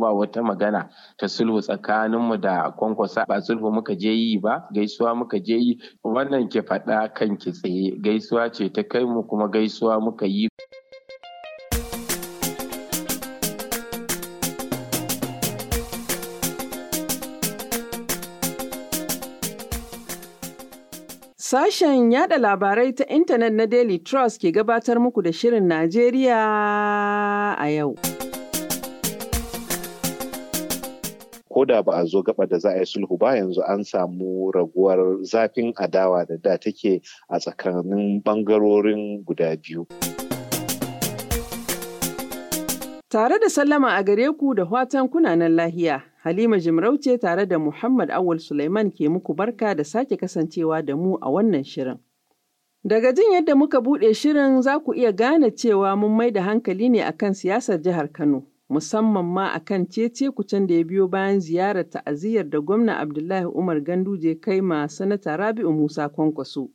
ba wata magana ta sulhu tsakaninmu da kwankwasa ba sulhu muka je yi ba gaisuwa muka je yi wannan ke faɗa kan ki tsaye gaisuwa ce ta kai mu kuma gaisuwa muka yi Sashen yada labarai ta intanet na Daily Trust ke gabatar muku da Shirin Najeriya a yau. ko da ba a zo gaba da za a yi sulhu ba yanzu an samu raguwar zafin adawa da da take a tsakanin bangarorin guda biyu. Tare da sallama a gare ku da watan kunanan lahiya, Halima Jimarauce tare da Muhammad Awul Sulaiman ke muku barka da sake kasancewa da mu a wannan shirin. Daga jin yadda muka buɗe shirin za ku iya gane cewa mun mai da hankali ne akan siyasar jihar Kano. musamman ma a kan cece-kucen da ya biyo bayan ziyarar ta'aziyyar da Gwamna Abdullahi Umar Ganduje kai ma Sanata Rabi'u Musa Kwankwaso,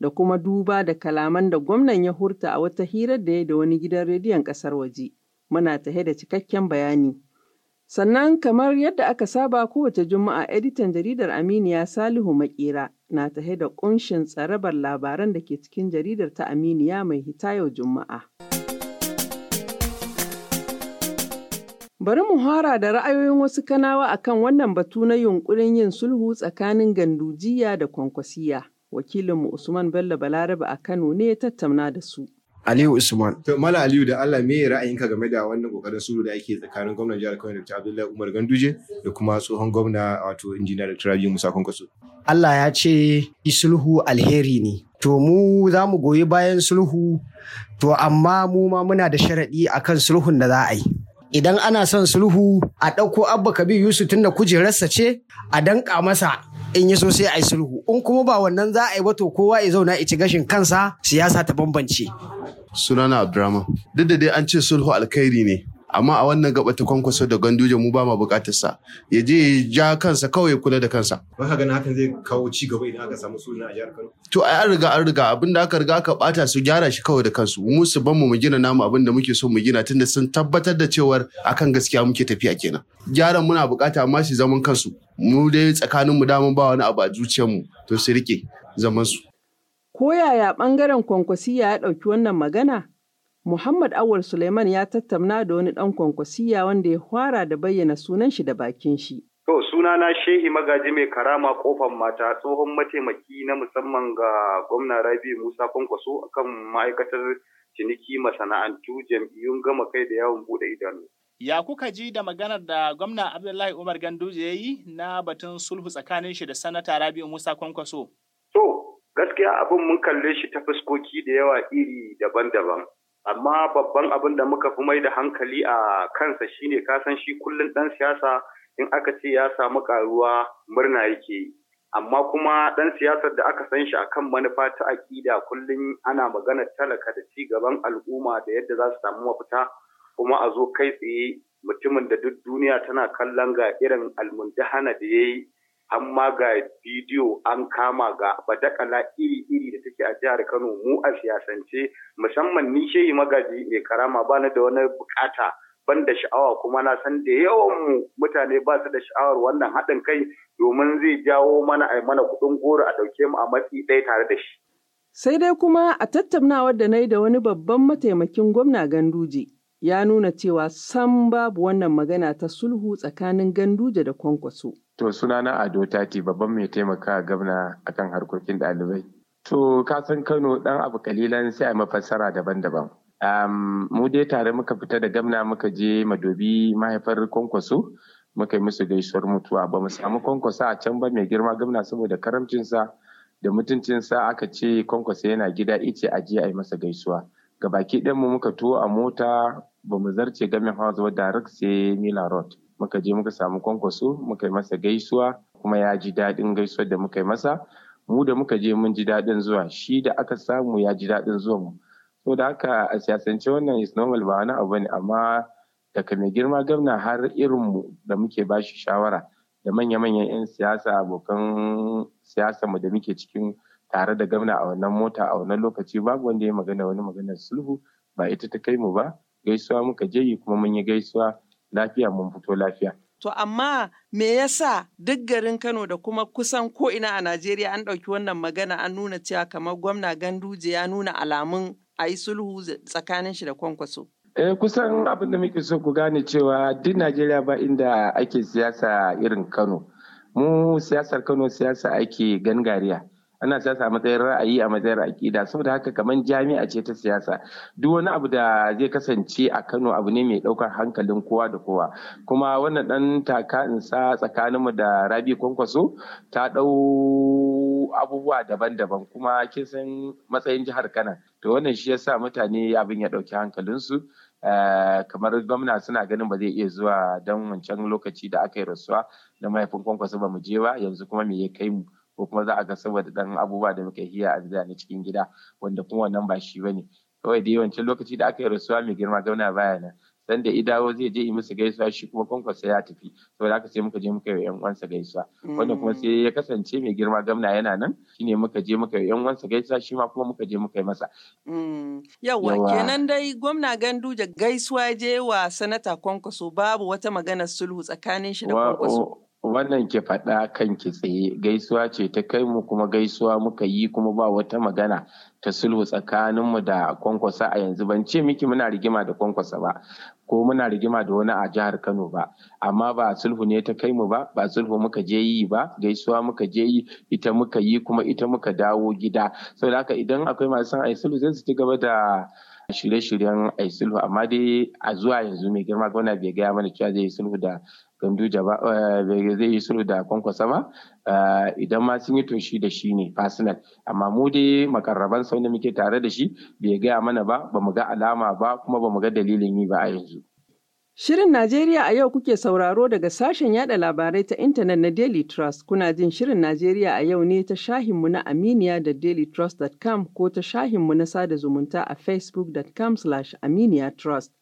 da kuma duba da kalaman da gwamnan ya hurta a wata hirar da ya da wani gidan rediyon ƙasar waje. Muna tahe da cikakken bayani. Sannan kamar yadda aka saba kowace juma'a editan jaridar Aminiya Salihu Maƙera na tahe da ƙunshin tsarabar labaran da ke cikin jaridar ta Aminiya mai hita yau juma'a. Bari mu hara da ra'ayoyin wasu Kanawa akan wannan batu na yunƙurin yin sulhu tsakanin gandujiya da Kwankwasiya. Wakilinmu Usman Bello Balarabe a Kano ne ya tattauna da su. Aliyu Usman. To Mala Aliyu da Allah me ra'ayinka game da wannan kokarin sulhu da ake tsakanin gwamnan jihar Kano Dr. Abdullahi Umar Ganduje da kuma tsohon gwamna wato injiniya Dr. Rabi Musa Kwankwaso. Allah ya ce sulhu alheri ne. To mu za mu goyi bayan sulhu to amma mu ma muna da sharaɗi akan sulhun da za a yi. idan ana son sulhu a ɗauko abba kabir yusuf da kujerarsa ce a danƙa masa in yi so sai a yi sulhu in kuma ba wannan za a yi wato kowa ya zauna ya ci gashin kansa siyasa ta bambance sunana abdurrahman duk da dai an ce sulhu alkhairi ne amma a wannan gaba ta kwankwaso da ganduje mu ba ma bukatar sa ya je ya ja kansa kawai ya kula da kansa ba ka ganin hakan zai kawo ci gaba idan aka samu suna a jihar Kano to ai an riga an riga abinda aka riga aka bata su gyara shi kawai da kansu mu su ban mu mu gina namu abinda muke so mu gina tunda sun tabbatar da cewar akan gaskiya muke tafiya kenan gyaran muna bukata amma shi zaman kansu mu dai tsakaninmu damun ba wani abu a zuciyar mu to su rike zaman su ko yaya bangaren kwankwasiya ya ɗauki wannan magana Muhammad Awwal Suleiman ya tattauna da wani ɗan kwankwasiya wanda ya fara da bayyana sunan shi da bakin shi. To sunana Shehi Magaji mai karama kofar mata tsohon mataimaki na musamman ga gwamna Rabi Musa Kwankwaso akan ma'aikatar ciniki masana'antu jam'iyyun gama kai da yawon bude idanu. Ya kuka ji da maganar da gwamna Abdullahi Umar Ganduje ya yi na batun sulhu tsakanin shi da sanata Rabi Musa Kwankwaso? To gaskiya abin mun kalle shi ta fuskoki da yawa iri daban-daban. amma babban abin da muka fi mai da hankali a kansa shine kasan shi kullum ɗan siyasa in aka ce ya samu karuwa murna yake yi amma kuma ɗan siyasar da aka san shi akan manufa ta aƙida kullum ana magana talaka da ci gaban al'umma da yadda za su samu mafita kuma a zo kai tsaye mutumin da duk duniya tana kallon ga irin almundahana da ya yi amma ga bidiyo an kama ga badakala iri-iri da take a jihar Kano mu a siyasance musamman ni shehi magaji mai karama ba da wani bukata ban da sha'awa kuma na san da yawan mu mutane ba su da sha'awar wannan haɗin kai domin zai jawo mana ai mana kuɗin goro a ɗauke mu a matsi ɗaya tare da shi. Sai dai kuma a tattaunawar da na yi da wani babban mataimakin gwamna Ganduje ya nuna cewa sam babu wannan magana ta sulhu tsakanin Ganduje da Kwankwaso. To suna sunana Ado Tati babban mai taimaka gwamna kan harkokin ɗalibai. To ka san Kano ɗan abu kalilan sai a mafassara daban-daban. mu dai tare muka fita da gwamna muka je madobi mahaifar kwankwaso muka yi musu gaisuwar mutuwa ba mu samu kwankwaso a can ba mai girma gamna saboda karamcinsa da mutuncinsa aka ce kwankwaso yana gida ice a je a yi masa gaisuwa ga baki mu muka tuwo a mota ba mu zarce gamin house wadda sai mila road muka je muka samu kwankwaso muka yi masa gaisuwa kuma ya ji daɗin gaisuwar da muka yi masa mu da muka je mun ji daɗin zuwa shi da aka samu ya ji daɗin zuwa mu so da haka a siyasance wannan is normal ba wani abu ne amma daga mai girma gwamna har irin mu da muke bashi shawara da manya-manyan 'yan siyasa abokan siyasa mu da muke cikin tare da gwamna a wannan mota a wannan lokaci babu wanda ya magana wani maganar sulhu ba ita ta kai mu ba gaisuwa muka je kuma mun yi gaisuwa lafiya mun fito lafiya. To amma me yasa duk garin Kano da kuma kusan ko'ina a Najeriya an ɗauki wannan magana an nuna cewa kamar gwamna Ganduje ya nuna alamun a yi sulhu tsakanin shi da kwankwaso. Eh kusan abin da muke so ku gane cewa duk Najeriya ba inda ake siyasa irin Kano. Mu siyasar Kano siyasa ake gangariya. ana siyasa a matsayin ra'ayi a matsayin aƙida saboda haka kamar jami'a ce ta siyasa duk wani abu da zai kasance a Kano abu ne mai ɗaukar hankalin kowa da kowa kuma wannan ɗan taka in sa tsakaninmu da Rabi Kwankwaso ta ɗau abubuwa daban-daban kuma kin san matsayin jihar Kano to wannan shi yasa mutane abin ya ɗauki hankalinsu eh, kamar gwamna suna ganin ba zai iya zuwa don wancan lokaci da aka yi rasuwa da mahaifin kwankwaso ba mu je ba yanzu kuma me ya kai mu ko kuma za a ga saboda dan abubuwa da muka hiya a gida na cikin gida wanda kuma wannan ba shi bane kawai da yawancin lokaci da aka yi rasuwa mai girma gauna baya nan dan da idawo zai je yi musu gaisuwa shi kuma kwankwasa ya tafi saboda haka sai muka je muka yi yan uwansa gaisuwa wanda kuma sai ya kasance mai girma gamna yana nan shine muka je muka yi yan uwansa gaisuwa shi ma kuma muka je muka yi masa mm. yawa kenan dai gwamna gandu da gaisuwa je wa sanata kwankwaso babu wata magana sulhu tsakanin shi da kwankwaso wannan ki faɗa kan ki tsaye gaisuwa ce ta kai mu kuma gaisuwa muka yi kuma ba wata magana ta sulhu tsakanin mu da kwankwasa a yanzu ban ce miki muna rigima da kwankwasa ba ko muna rigima da wani a jihar Kano ba amma ba sulhu ne ta kai mu ba ba sulhu muka je yi ba gaisuwa muka je yi ita muka yi kuma ita muka dawo gida saboda haka idan akwai masu san ai sulhu zai ci gaba da shirye-shiryen ai sulhu amma dai a zuwa yanzu mai girma gwamna bai gaya mana cewa zai yi sulhu da ganduja ba eh, zai yi sulhu da kwankwasa ba eh, idan ma sun yi to da shi ne personal amma mu dai makarraban sau da muke tare da shi bai gaya mana ba ba mu ga alama ba kuma ba mu ga dalilin yi ba a yanzu. Shirin Najeriya a yau kuke sauraro daga sashen yada labarai ta intanet na Daily Trust. Kuna jin Shirin Najeriya a yau ne ta shahinmu na Aminiya da dailytrust.com ko ta shahinmu na sada zumunta a facebook.com/aminiya trust.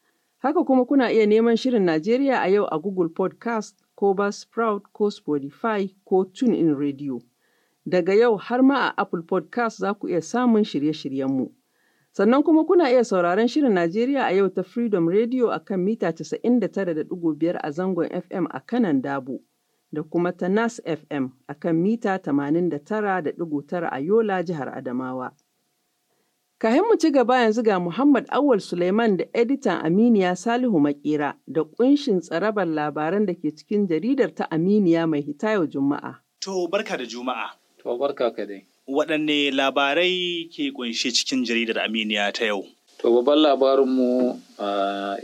Haka kuma kuna iya neman Shirin Najeriya a yau a Google Podcast ko Buzzsprout ko Spotify ko in Radio. Daga yau har ma a Apple Podcast za ku iya samun shirye-shiryenmu. Sannan kuma kuna iya sauraron Shirin Najeriya a yau ta Freedom Radio a kan mita 99.5 a zangon FM a kanan Dabo. Da kuma ta Nas FM a kan mita 89.9 a Yola, Jihar Adamawa. Kahin mu ci gaba yanzu ga Muhammad Awal Suleiman da editan Aminiya Salihu Makira da kunshin tsarabar labaran da ke cikin jaridar ta Aminiya mai hita yau Juma'a. To barka da Juma'a. To barka ka dai. Waɗanne labarai ke kunshe cikin jaridar Aminiya ta yau? To babban labarin labarinmu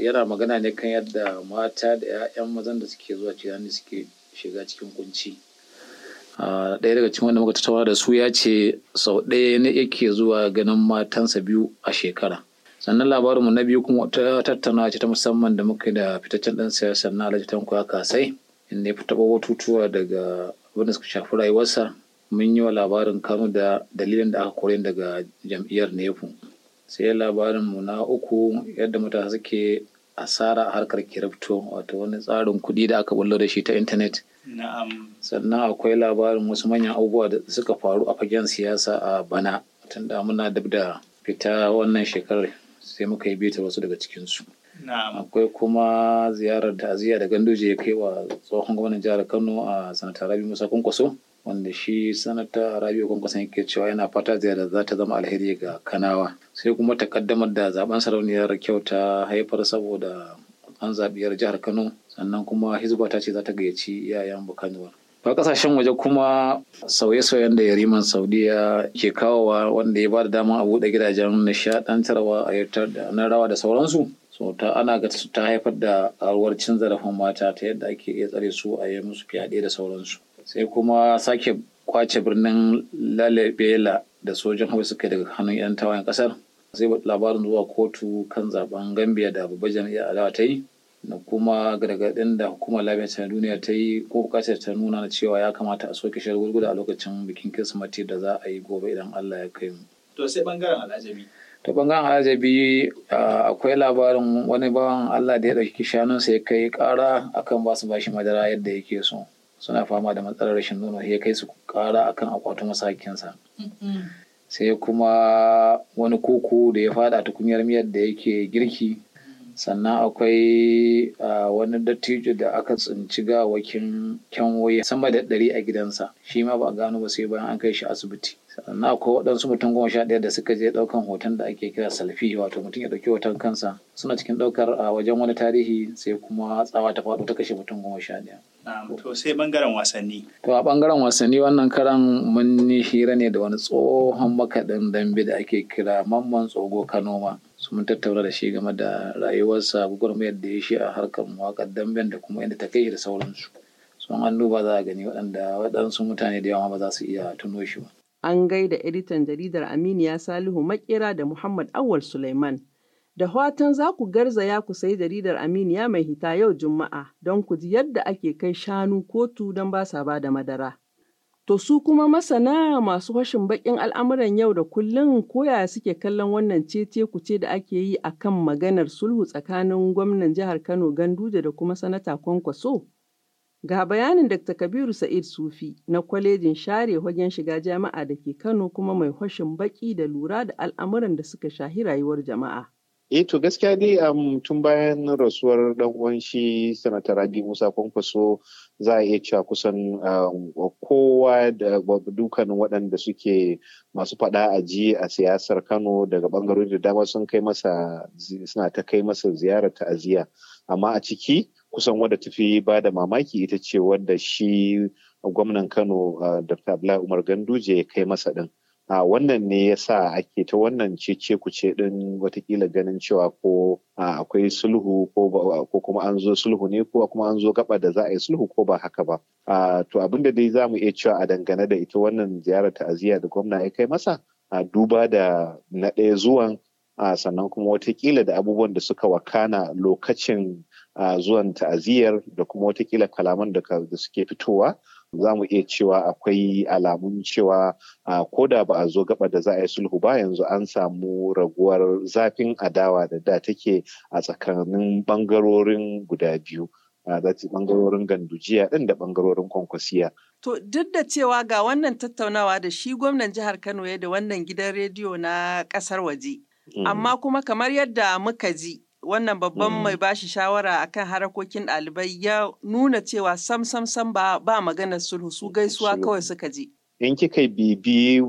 yana magana ne kan yadda mata da 'ya'yan mazan da suke zuwa cikin suke shiga cikin kunci. ɗaya daga cikin wanda muka tattauna da su ya ce sau ɗaya ne yake zuwa ganin matansa biyu a shekara sannan labarinmu na biyu kuma ta tattauna ce ta musamman da muka da fitaccen ɗan siyasa na alhaji tanko ya kasai inda ya fi taɓa batutuwa daga abin da suka shafi rayuwarsa mun yi wa labarin kano da dalilin da aka kore daga jam'iyyar nefu sai labarinmu na uku yadda mutane suke asara a harkar kirifto wato wani tsarin kuɗi da aka bullo da shi ta intanet sannan akwai labarin wasu manyan abubuwa da suka faru a fagen siyasa a bana tun da muna duk da fita wannan shekarar sai muka yi bitar wasu daga cikinsu akwai kuma ziyarar ta'aziyya da ganduje ya kai wa tsohon gwamnan jihar kano a sanata rabi musa kwankwaso wanda shi sanata rabi kwankwaso yake cewa yana fata ziyarar za ta zama alheri ga kanawa sai kuma takaddamar da zaben sarauniyar kyauta haifar saboda an zaɓi yar jihar kano sannan kuma hizba ta ce za ta gayyaci iyayen bukanuwar ba kasashen waje kuma sauye-sauyen da yariman saudiya ke kawowa wanda ya ba da dama a buɗe gidajen nishaɗantarwa a yartar da na rawa da sauransu so ta ana ga ta haifar da alwar cin zarafin mata ta yadda ake iya tsare su a yi musu fyaɗe da sauransu sai kuma sake kwace birnin lalabela da sojan hawa suka daga hannun 'yan tawayen kasar sai labarin zuwa kotu kan zaben gambia da babbar jam'iyyar adawa ta yi da kuma gargaɗin da hukumar lafiyar duniya ta yi ko bukatar ta nuna cewa ya kamata a soke shagulgula a lokacin bikin kirsimati da za a yi gobe idan allah ya kai mu to sai bangaren alajabi ta bangaren alajabi akwai labarin wani bawan allah da ya ɗauki sa ya kai kara akan ba su bashi madara yadda yake so suna fama da matsalar rashin nono ya kai su ƙara akan akwatin masakinsa sai kuma wani koko da ya fada tukunyar miyar da yake girki sannan akwai wani dattijo da aka tsinci gawakin kyanwoyi sama da ɗari a gidansa shi ma ba a gano ba sai bayan an kai shi asibiti sannan akwai waɗansu mutum goma sha ɗaya da suka je ɗaukan hoton da ake kira salfi wato mutum ya ɗauki hoton kansa suna cikin ɗaukar a wajen wani tarihi sai kuma tsawa ta faɗo ta kashe mutum goma sha ɗaya. to sai ɓangaren wasanni. to a ɓangaren wasanni wannan karan mun hira ne da wani tsohon makaɗin dambe da ake kira mamman tsogo kanoma. mun tattauna da shi game da rayuwarsa gwagwarmayar da ya shi a harkar mawaƙar damben da kuma yadda ta kai da sauransu sun an duba za a gani waɗanda waɗansu mutane da yawa ba za su iya tuno shi ba. An gaida editan jaridar Aminiya Salihu Makera da Muhammad Awal Suleiman. Da fatan za ku garzaya ku sayi jaridar Aminiya mai hita yau Juma'a don ku ji yadda ake kai shanu kotu don ba sa ba da madara. To su kuma masana masu hashin bakin al'amuran yau da kullum koyaya suke kallon wannan cece kuce da ake yi a kan maganar sulhu tsakanin gwamnan jihar Kano Ganduje da kuma sanata Kwankwaso? Ga bayanin Dr. Kabiru Sa'id Sufi na kwalejin share wajen shiga jama'a da ke Kano kuma mai hashin baki da lura da al'amuran da suka shahi rayuwar jama'a. eh to gaskiya dai tun bayan rasuwar dan uwan shi sanata rabi musa kwankwaso za a iya cewa kusan kowa da dukkanin waɗanda suke masu faɗa a ji a siyasar kano daga bangarori da dama sun kai masa suna ta kai masa ziyarar ta'aziyya amma a ciki kusan wadda tafi ba da mamaki ita ce wadda shi gwamnan kano dr abdullahi umar ganduje ya kai masa ɗin a wannan ne ya sa ake ta wannan cece kuce din watakila ganin cewa ko akwai sulhu ko kuma an zo sulhu ne ko kuma an zo gaba da za a yi sulhu ko ba haka ba to abin da dai za mu iya cewa a dangane da ita wannan ziyarar ta'aziyya da gwamna ya kai masa a duba da na ɗaya zuwan sannan kuma watakila da abubuwan da suka wakana lokacin zuwan ta'aziyyar da kuma watakila kalaman da suke fitowa za mu iya cewa akwai alamun cewa ko da ba a zo gaba da za a yi sulhu ba yanzu an samu raguwar zafin adawa da da take a tsakanin bangarorin guda biyu zati bangarorin gandujiya ɗin da bangarorin kwankwasiya. To duk da cewa ga wannan tattaunawa da shi gwamnan jihar Kano ya da wannan gidan rediyo na ƙasar waje. Mm. Amma kuma kamar yadda muka ji wannan babban mai mm. bashi shawara akan harakokin ɗalibai ya nuna cewa sam sam sam ba, ba maganar sulhu su gaisuwa kawai suka je. in kika bibi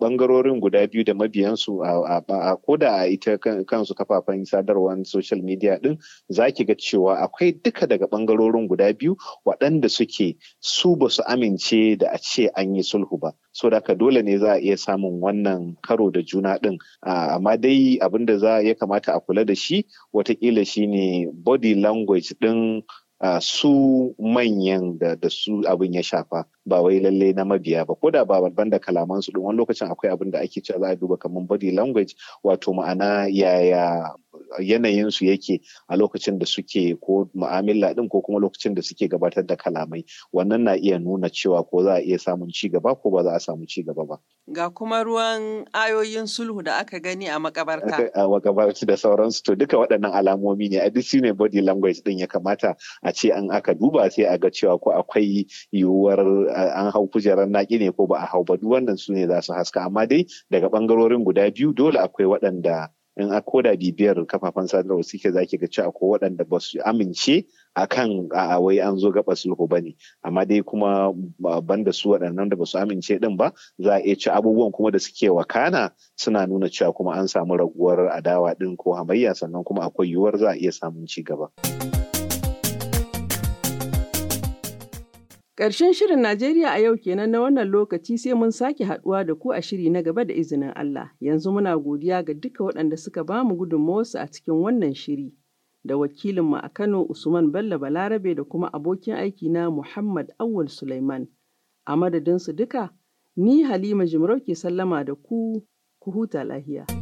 bangarorin um, guda biyu da mabiyansu a koda a ita kansu kafafen sadarwar social media din za ki ga cewa akwai duka daga bangarorin guda biyu waɗanda suke su ba su amince da a ce an yi sulhu ba so da dole ne za a iya samun wannan karo da juna din amma dai abin da za ya kamata a kula da shi watakila shine body language din su manyan da, da su abin ya shafa ba wai lalle na mabiya ba ko da ba babban da kalaman su wani lokacin akwai abin da ake cewa za a duba kamar body language wato ma'ana yaya yanayin su yake a lokacin da suke ko mu'amala din ko kuma lokacin da suke gabatar da kalamai wannan na iya nuna cewa ko za a iya samun ci gaba ko ba za a samu ci gaba ba ga kuma ruwan ayoyin sulhu da aka gani a makabarta a makabarta da sauransu to duka waɗannan alamomi ne a duk su ne body language din ya kamata a ce an aka duba sai a ga cewa ko akwai yiwuwar an hau kujerar naki ne ko ba a hau ba duk wannan su ne za su haska amma dai daga bangarorin guda biyu dole akwai waɗanda in a koda bibiyar kafafen sadarwa suke zaki ga cewa ko waɗanda ba su amince a kan wai an zo gaba sulhu ba ne amma dai kuma banda su waɗannan da ba su amince ɗin ba za a iya ci abubuwan kuma da suke wakana suna nuna cewa kuma an samu raguwar adawa ɗin ko hamayya sannan kuma akwai yiwuwar za a iya samun ci gaba. Ƙarshen shirin Najeriya a yau kenan na wannan lokaci sai mun sake haɗuwa da ku a shiri na gaba da izinin Allah. Yanzu muna godiya ga duka waɗanda suka ba mu gudunmawarsu a cikin wannan shiri. Da wakilinmu a Kano Usman Bello Balarabe da kuma abokin aiki na Muhammad Awul Sulaiman. A madadinsu duka, ni Halima Jimarau ke sallama da ku, ku huta lahiya.